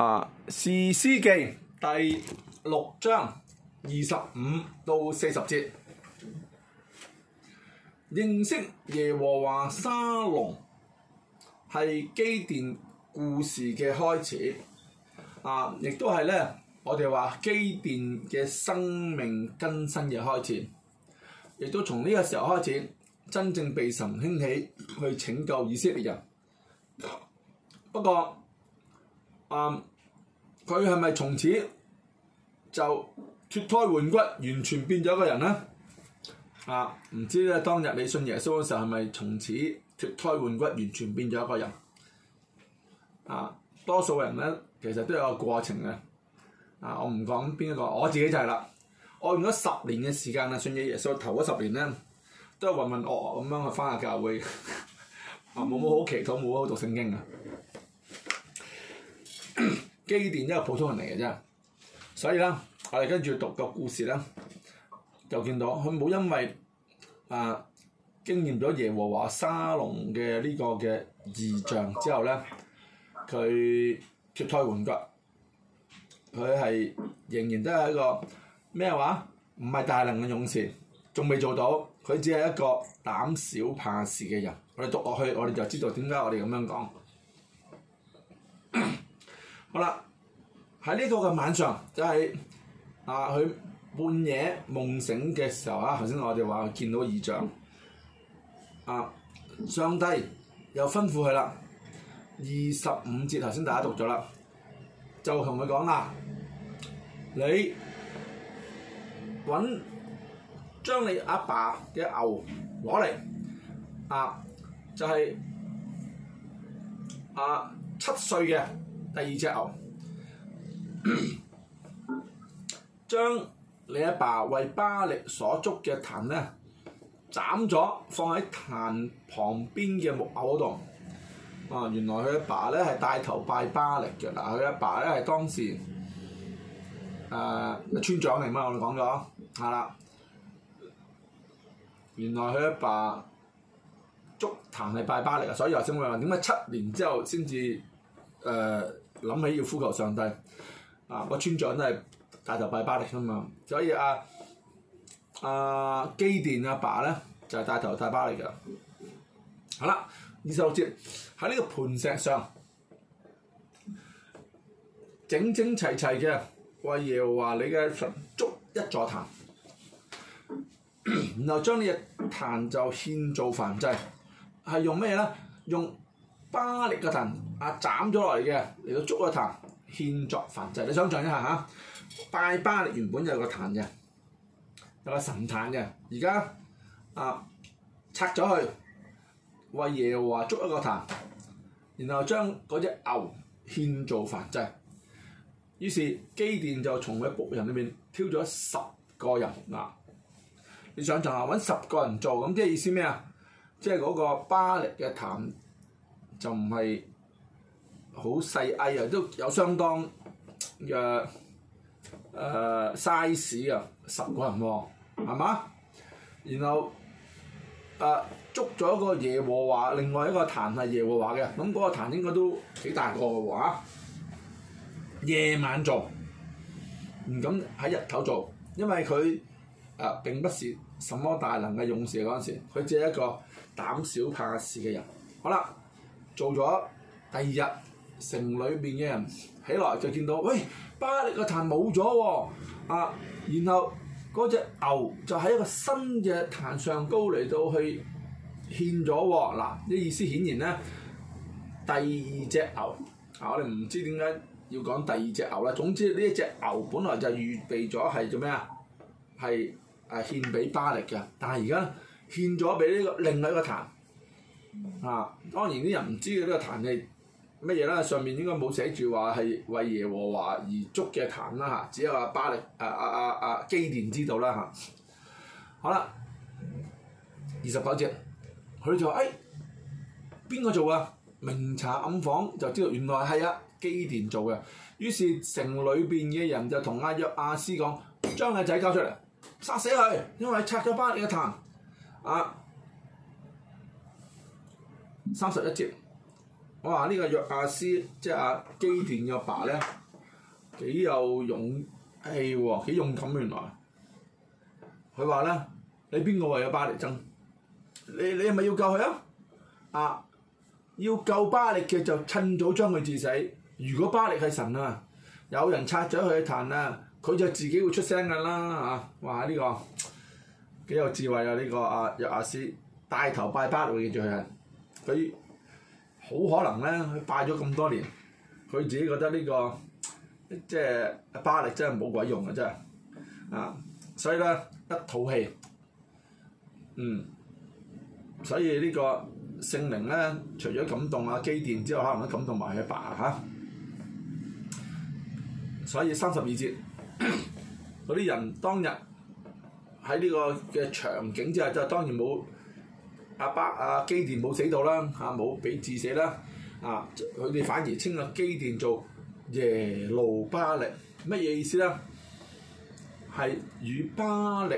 啊，《士師記》第六章二十五到四十節，認識耶和華沙龍係基甸故事嘅開始，啊，亦都係咧，我哋話基甸嘅生命更新嘅開始，亦都從呢個時候開始，真正被神興起去拯救以色列人。不過，啊。佢係咪從此就脱胎換骨，完全變咗一個人咧？啊，唔知咧，當日你信耶穌嘅時候係咪從此脱胎換骨，完全變咗一個人？啊，多數人咧其實都有個過程嘅。啊，我唔講邊一個，我自己就係啦。我用咗十年嘅時間啦，信咗耶穌。頭嗰十年咧，都係混混噩噩咁樣去翻下教會，冇冇好祈禱，冇好讀聖經啊！基甸都係普通人嚟嘅啫，所以咧，我哋跟住讀個故事咧，就見到佢冇因為啊經驗咗耶和華沙龍嘅呢個嘅異象之後咧，佢脱胎換骨，佢係仍然都係一個咩話？唔係大能嘅勇士，仲未做到，佢只係一個膽小怕事嘅人。我哋讀落去，我哋就知道點解我哋咁樣講。 好啦，喺呢個嘅晚上，就係啊，佢半夜夢醒嘅時候啊，頭先我哋話見到異象，啊，上帝又吩咐佢啦，二十五節頭先大家讀咗啦，就同佢講啦，你揾將你阿爸嘅牛攞嚟，啊，就係啊七歲嘅。第二隻牛 將你阿爸為巴力所築嘅壇咧斬咗，放喺壇旁邊嘅木偶度。啊，原來佢阿爸咧係帶頭拜巴力嘅嗱，佢、啊、阿爸咧係當時誒、呃、村長嚟嘛，我哋講咗係啦。原來佢阿爸築壇係拜巴力啊，所以先會話點解七年之後先至誒、呃諗起要呼求上帝。啊，個村長都係帶頭拜巴力嚟噶嘛，所以啊，阿、啊、基甸阿爸咧就係、是、帶頭拜巴力嚟噶。好啦，二十六節，喺呢個盤石上整整齊齊嘅為耶和華你嘅神築一座壇， 然後將呢隻壇就獻做燔祭，係用咩咧？用巴力個壇，啊，斬咗落嚟嘅嚟到捉個壇，獻作燔祭。你想象一下吓，拜巴力原本就有個壇嘅，有個神壇嘅。而家啊拆咗去，為耶和華捉一個壇，然後將嗰隻牛獻做燔祭。於是基甸就從佢僕人裏面挑咗十個人嗱，你想就係揾十個人做咁，即係意思咩啊？即係嗰個巴力嘅壇。就唔係好細矮啊，都有相當嘅誒、呃、size 啊，十個人喎，係嘛？然後誒、呃、捉咗一個耶和華，另外一個壇係耶和華嘅，咁、那、嗰個壇應該都幾大個喎嚇。夜晚做，唔敢喺日頭做，因為佢誒、呃、並不是什麼大能嘅勇士嗰陣時，佢只係一個膽小怕事嘅人。好啦。做咗第二日，城裏面嘅人起來就見到，喂，巴力個壇冇咗喎，啊，然後嗰隻、那個、牛就喺一個新嘅壇上高嚟到去獻咗喎，嗱、啊，啲意思顯然咧，第二隻牛，啊，我哋唔知點解要講第二隻牛啦，總之呢一隻牛本來就預備咗係做咩啊？係啊獻俾巴力嘅，但係而家獻咗俾呢、這個另外一個壇。啊，當然啲人唔知道個壇呢個壇係乜嘢啦，上面應該冇寫住話係為耶和華而築嘅壇啦嚇，只有阿巴力啊啊啊啊基甸知道啦嚇、啊。好啦，二十九節，佢就話，誒邊個做啊？明查暗訪就知道，原來係啊基甸做嘅。於是城裏邊嘅人就同阿約阿斯講，將阿仔交出嚟，殺死佢，因為拆咗巴力嘅壇啊！三十一節，我話、這個啊、呢個約亞斯即係阿基甸嘅爸咧，幾有勇氣喎，幾勇敢原來。佢話咧：你邊個話有巴力爭？你你係咪要救佢啊？啊，要救巴力嘅就趁早將佢致死。如果巴力係神啊，有人拆咗佢嘅壇啊，佢就自己會出聲㗎啦嚇。話、啊、呢、這個幾有智慧、這個、啊！呢個啊約亞斯帶頭拜巴力，力見住佢係。佢好可能咧，佢拜咗咁多年，佢自己覺得呢、這個即係巴力真係冇鬼用啊，真係啊，所以咧一肚氣，嗯，所以、這個、呢個聖靈咧，除咗感動啊基甸之外，可能都感動埋佢阿爸嚇，所以三十二節嗰啲人當日喺呢、這個嘅場景之下，就是、當然冇。阿巴阿基甸冇死到啦，阿冇俾治死啦，啊佢哋、啊、反而稱啊基甸做耶路巴力，乜嘢意思咧？係與巴力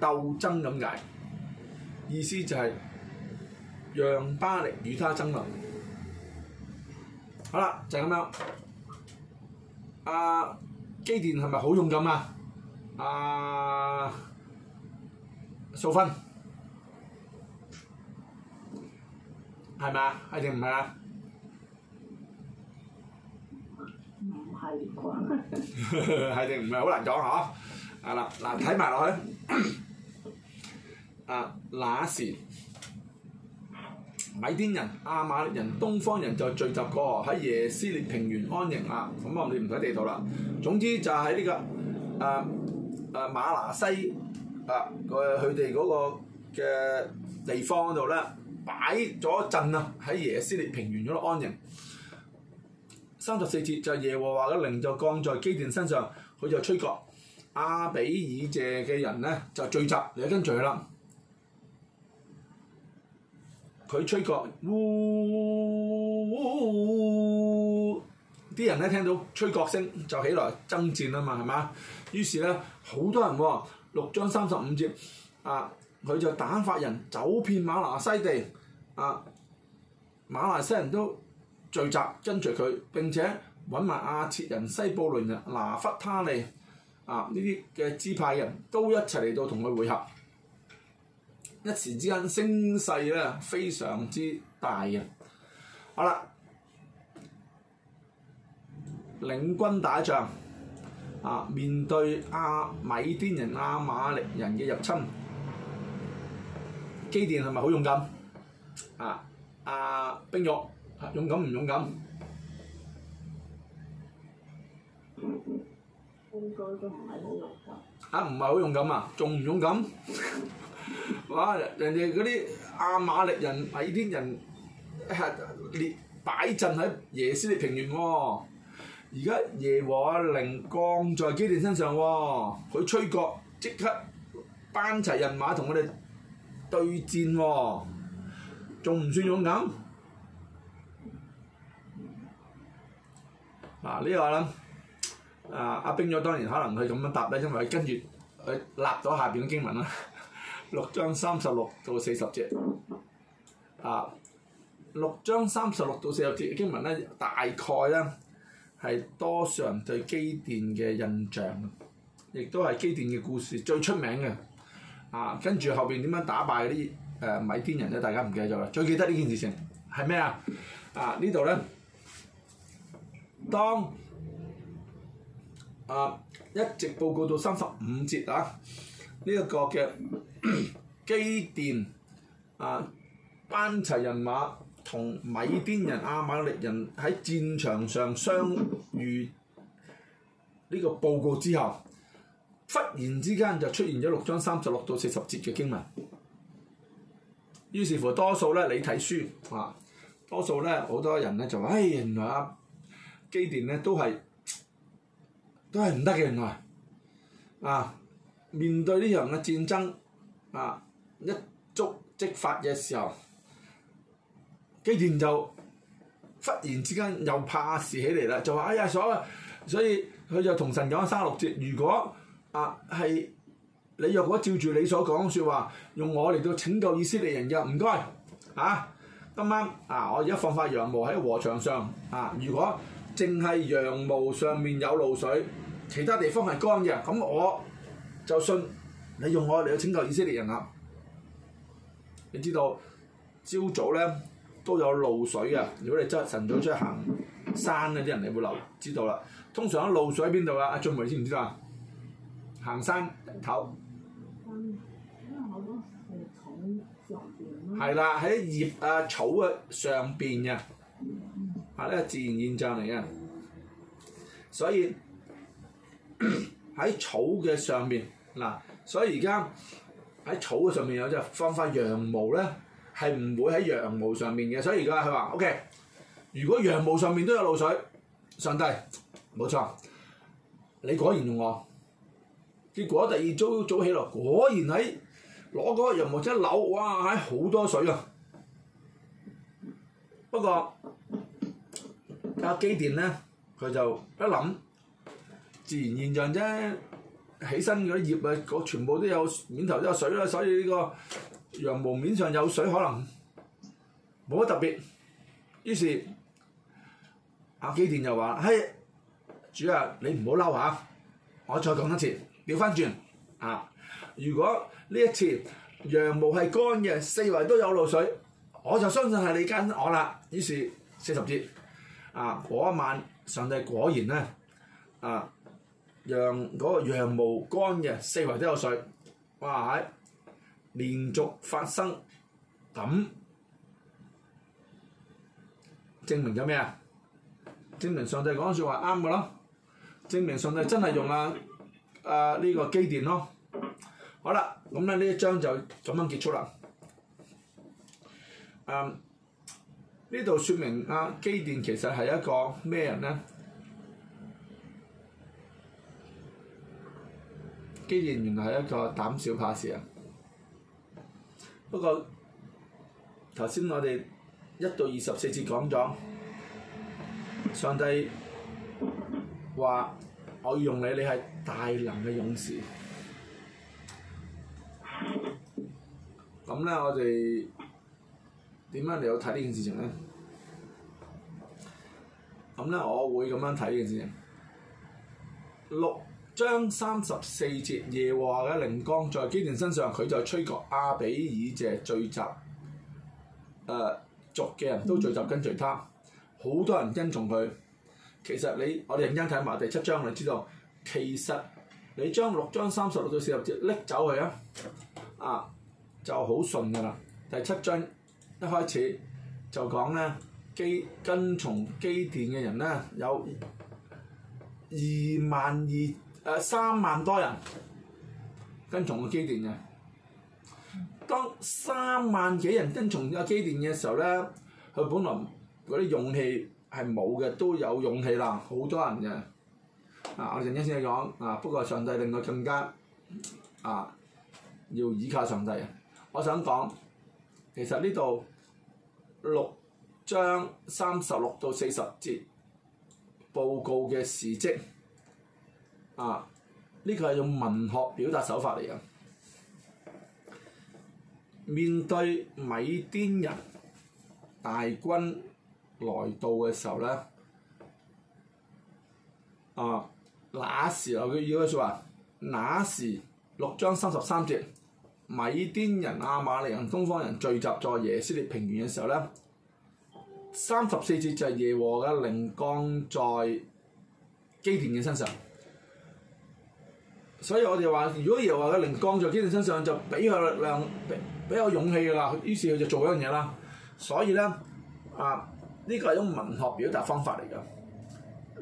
鬥爭咁解，意思就係讓巴力與他爭論。好啦，就係、是、咁樣。阿、啊、基甸係咪好勇敢啊？阿、啊、素芬。係咪啊？係定唔係啊？唔係啩？係定唔係好難講嗬？啊嗱嗱睇埋落去，啊，那時米甸人、亞瑪力人、東方人就聚集過喺耶斯列平原安營啊。咁我哋唔睇地圖啦。總之就喺呢、這個誒誒、啊啊、瑪拿西啊，佢佢哋嗰個嘅地方度啦。擺咗陣啊，喺耶斯列平原嗰度安營。三十四節就耶和華嘅靈就降在基甸身上，佢就吹角。亞比以謝嘅人咧就聚集嚟跟隨佢啦。佢吹角，啲人咧聽到吹角聲就起來爭戰啊嘛，係嘛？於是咧好多人喎、哦，六章三十五節啊。佢就打發人走遍馬來西地，啊，馬來西人都聚集跟隨佢，並且揾埋亞設人、西布倫人、拿弗他利啊呢啲嘅支派人都一齊嚟到同佢會合，一時之間聲勢咧非常之大嘅、啊。好啦，領軍打仗啊，面對亞、啊、米甸人、亞、啊、瑪力人嘅入侵。基甸係咪好勇敢？啊！阿、啊、冰玉、啊、勇敢唔勇敢？啊，唔係好勇敢。啊？仲唔勇敢？哇！人哋嗰啲亞瑪力人、米、啊、甸人，列、啊、擺陣喺耶斯列平原喎、哦。而家耶和阿靈降在基甸身上喎、哦，佢吹角即刻班齊人馬同我哋。對戰喎、哦，仲唔算勇敢？嗱、啊，這個、呢個咧，啊阿冰咗，當然可能佢咁樣答咧，因為佢跟住佢立咗下邊嘅經文啦，六章三十六到四十節，啊，六章三十六到四十節嘅經文咧，大概咧係多數人對基甸嘅印象，亦都係基甸嘅故事最出名嘅。啊，跟住後邊點樣打敗嗰啲誒米甸人咧？呃呃呃、大家唔記得咗啦，最記得呢件事情係咩啊？啊呢度咧，當啊一直報告到三十五節啊，呢、這、一個嘅基 甸啊 班齊人馬同米甸人阿瑪力人喺戰場上相遇呢個報告之後。忽然之間就出現咗六章三十六到四十節嘅經文，於是乎多數咧你睇書啊，多數咧好多人咧就話：唉、哎，原來啊基甸咧都係都係唔得嘅。原來啊，面對呢樣嘅戰爭啊，一觸即發嘅時候，基甸就忽然之間又怕事起嚟啦，就話：哎呀，所以所以佢就同神講三十六節，如果啊，係你若果照住你所講嘅説話，用我嚟到拯救以色列人嘅，唔該，嚇、啊，今晚啊，我而家放塊羊毛喺禾場上，啊，如果淨係羊毛上面有露水，其他地方係乾嘅，咁我就信你用我嚟到拯救以色列人啦。你知道朝早咧都有露水嘅，如果你真係晨早出去行山嗰啲人，你會留，知道啦。通常咧露水喺邊度啊？阿俊梅知唔知道啊？行山頭，係啦，喺 葉啊草嘅上邊嘅，係呢個自然現象嚟嘅，所以喺 草嘅上邊嗱，所以而家喺草嘅上面有方法，有隻放塊羊毛咧，係唔會喺羊毛上面嘅，所以而家佢話：O.K.，如果羊毛上面都有露水，上帝冇錯，你果然用我。結果第二朝早起嚟，果然喺攞嗰個羊毛一扭，哇！好多水啊！不過阿、啊、基甸咧，佢就一諗自然現象啫，起身嗰啲葉啊，全部都有面頭都有水啦、啊，所以呢個羊毛面上有水可能冇乜特別。於是阿、啊、基甸就話：嘿，主啊，你唔好嬲吓，我再講一次。調翻轉啊！如果呢一次羊毛係乾嘅，四圍都有露水，我就相信係你跟我啦。於是四十節啊，嗰一晚上帝果然咧啊，讓嗰個羊毛乾嘅，四圍都有水。哇！係連續發生咁，證明咗咩啊？證明上帝講嘅説話啱嘅咯，證明上帝真係用啊！誒呢、啊這個基甸咯，好啦，咁咧呢一章就咁樣結束啦。誒、嗯，呢度説明啊，基甸其實係一個咩人呢？基甸原來係一個膽小怕事啊。不過頭先我哋一到二十四節講咗，上帝話。我要用你，你係大能嘅勇士。咁呢，我哋點樣嚟到睇呢件事情呢？咁呢，我會咁樣睇呢件事情。六章三十四節耶和華嘅靈光在基甸身上，佢就吹角亞比以謝聚集，誒族嘅人都聚集跟隨他，好多人跟從佢。其實你，我哋認真睇埋第七章，我哋知道，其實你將六章三十六到四十節拎走去啊，啊，就好順㗎喇。第七章一開始就講咧，基跟從基甸嘅人咧有二萬二，誒三萬多人跟從個基甸嘅。當三萬幾人跟從阿基甸嘅時候咧，佢本來嗰啲勇氣。係冇嘅，都有勇氣啦！好多人嘅，啊，我陣間先講，啊不過上帝令我更加啊，要倚靠上帝、啊。我想講，其實呢度六章三十六到四十節報告嘅事蹟，啊，呢個係用文學表達手法嚟嘅。面對米甸人大軍。來到嘅時候咧，啊，那時候，佢如果説話，那時六章三十三節，米甸人、亞瑪力人、東方人聚集在耶斯列平原嘅時候咧，三十四節就係耶和華嘅靈降在基甸嘅身上。所以我哋話，如果耶和華嘅靈降在基甸身上，就俾佢力量，俾俾我勇氣㗎啦。於是佢就做一樣嘢啦。所以咧，啊～呢個係一種文學表達方法嚟㗎。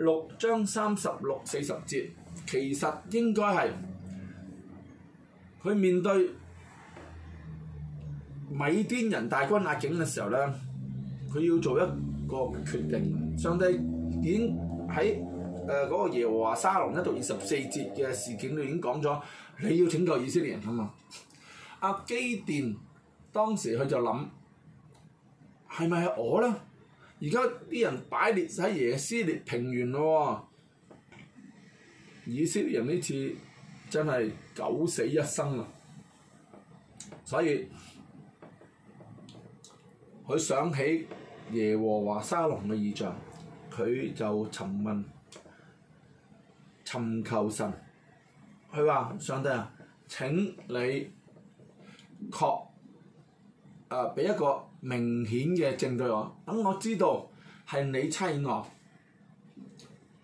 六章三十六四十節，其實應該係佢面對米甸人大軍壓境嘅時候咧，佢要做一個決定。上帝已經喺誒嗰個耶和華沙龍一度二十四節嘅事件裏邊已經講咗，你要拯救以色列人啊嘛。阿基甸當時佢就諗，係咪係我咧？而家啲人擺列喺耶斯列平原咯、哦，以色列人呢次真係九死一生啊！所以佢想起耶和華沙龍嘅異象，佢就尋問、尋求神。佢話：上帝啊，請你確。誒俾、啊、一個明顯嘅證據我，等我知道係你差我，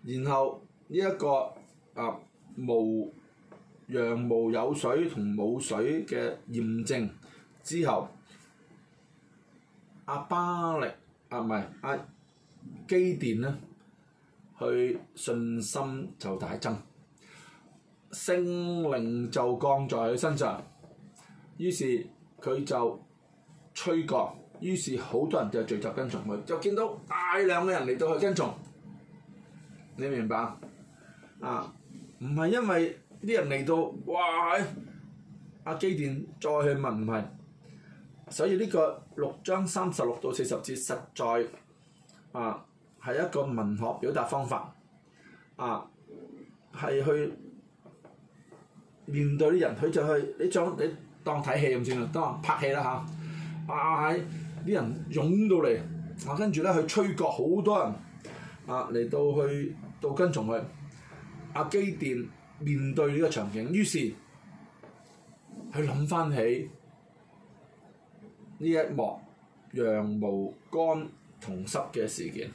然後呢一個誒、啊、無羊毛有水同冇水嘅驗證之後，阿巴力啊，唔係阿基甸呢，佢信心就大增，聖靈就降在佢身上，於是佢就。吹角，於是好多人就聚集跟從佢，就見到大量嘅人嚟到去跟從，你明白啊？唔係因為啲人嚟到，哇！阿、啊、基甸再去問問，所以呢個六章三十六到四十節，實在啊係一個文學表達方法，啊係去面對啲人，佢就去。你將你當睇戲咁算啦，當拍戲啦嚇。啊啊！喺啲人湧到嚟，啊跟住咧，佢吹角好多人啊嚟到去到跟從佢。阿、啊、基甸面對呢個場景，於是佢諗返起呢一幕羊毛乾同濕嘅事件，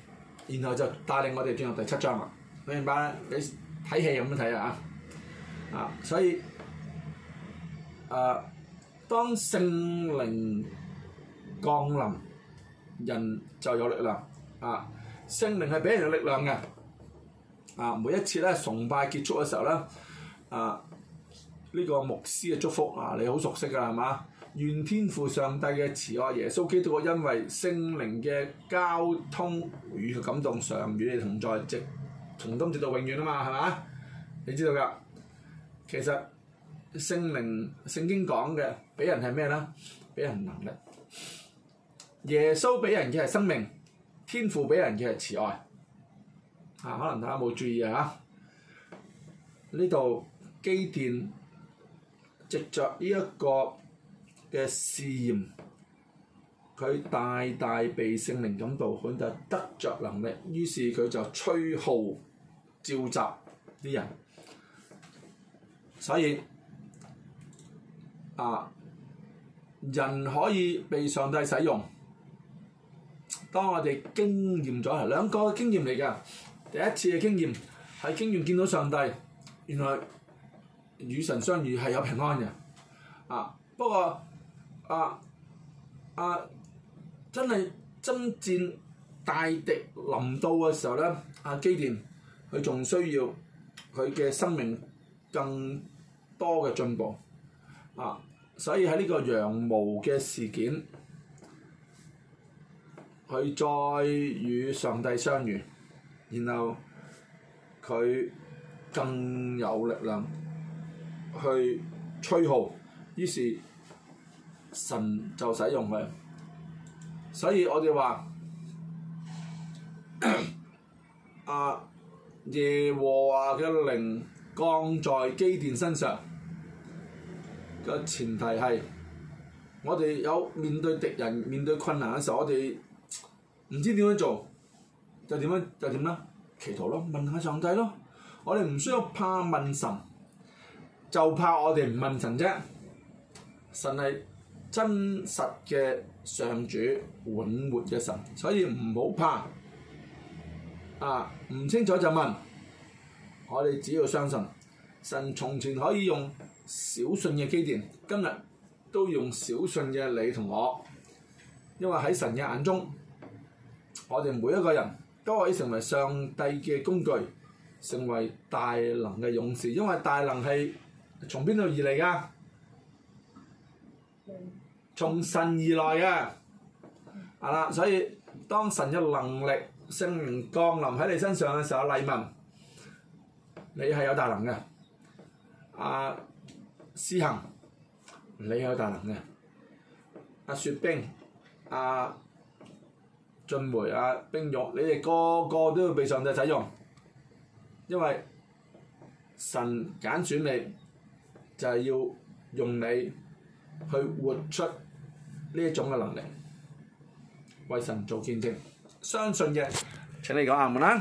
然後就帶領我哋進入第七章啦。你明白？你睇戲咁樣睇啊！啊，所以啊，當聖靈降臨人就有力量啊！聖靈係俾人力量嘅啊！每一次咧崇拜結束嘅時候咧啊，呢個牧師嘅祝福啊，你好熟悉㗎係嘛？願天父上帝嘅慈愛、耶穌基督我因為聖靈嘅交通與佢感動常與你同在，直從今直到永遠啊嘛係嘛？你知道㗎，其實聖靈聖經講嘅俾人係咩咧？俾人能力。耶穌俾人嘅係生命，天父俾人嘅係慈愛。啊，可能大家冇注意啊，呢度基甸藉着呢一個嘅試驗，佢大大被聖靈感動，佢就得，得着能力，於是佢就吹號召集啲人。所以啊，人可以被上帝使用。當我哋經驗咗啊，兩個經驗嚟㗎，第一次嘅經驗係經驗見到上帝，原來與神相遇係有平安嘅，啊，不過啊啊，真係爭戰大敵臨到嘅時候咧，阿、啊、基甸佢仲需要佢嘅生命更多嘅進步，啊，所以喺呢個羊毛嘅事件。佢再與上帝相遇，然後佢更有力量去吹號，於是神就使用佢。所以我哋話，阿耶、 啊、和華嘅靈降在基甸身上嘅前提係，我哋有面對敵人、面對困難嘅時候，我哋。唔知點樣做，就點樣就點啦，祈禱咯，問下上帝咯。我哋唔需要怕問神，就怕我哋唔問神啫。神係真實嘅上主，永活嘅神，所以唔好怕。啊，唔清楚就問，我哋只要相信，神從前可以用小信嘅基甸，今日都用小信嘅你同我，因為喺神嘅眼中。我哋每一個人都可以成為上帝嘅工具，成為大能嘅勇士，因為大能係從邊度而嚟噶？從神而來嘅，係啦。所以當神嘅能力、聖靈降臨喺你身上嘅時候，黎文，你係有大能嘅，阿、啊、思行，你有大能嘅，阿、啊、雪冰，阿、啊。進會啊，冰勇，你哋個個都要被上帝使用，因為神揀選你，就係、是、要用你去活出呢一種嘅能力，為神做見證。相信嘅，請你講下阿門啦。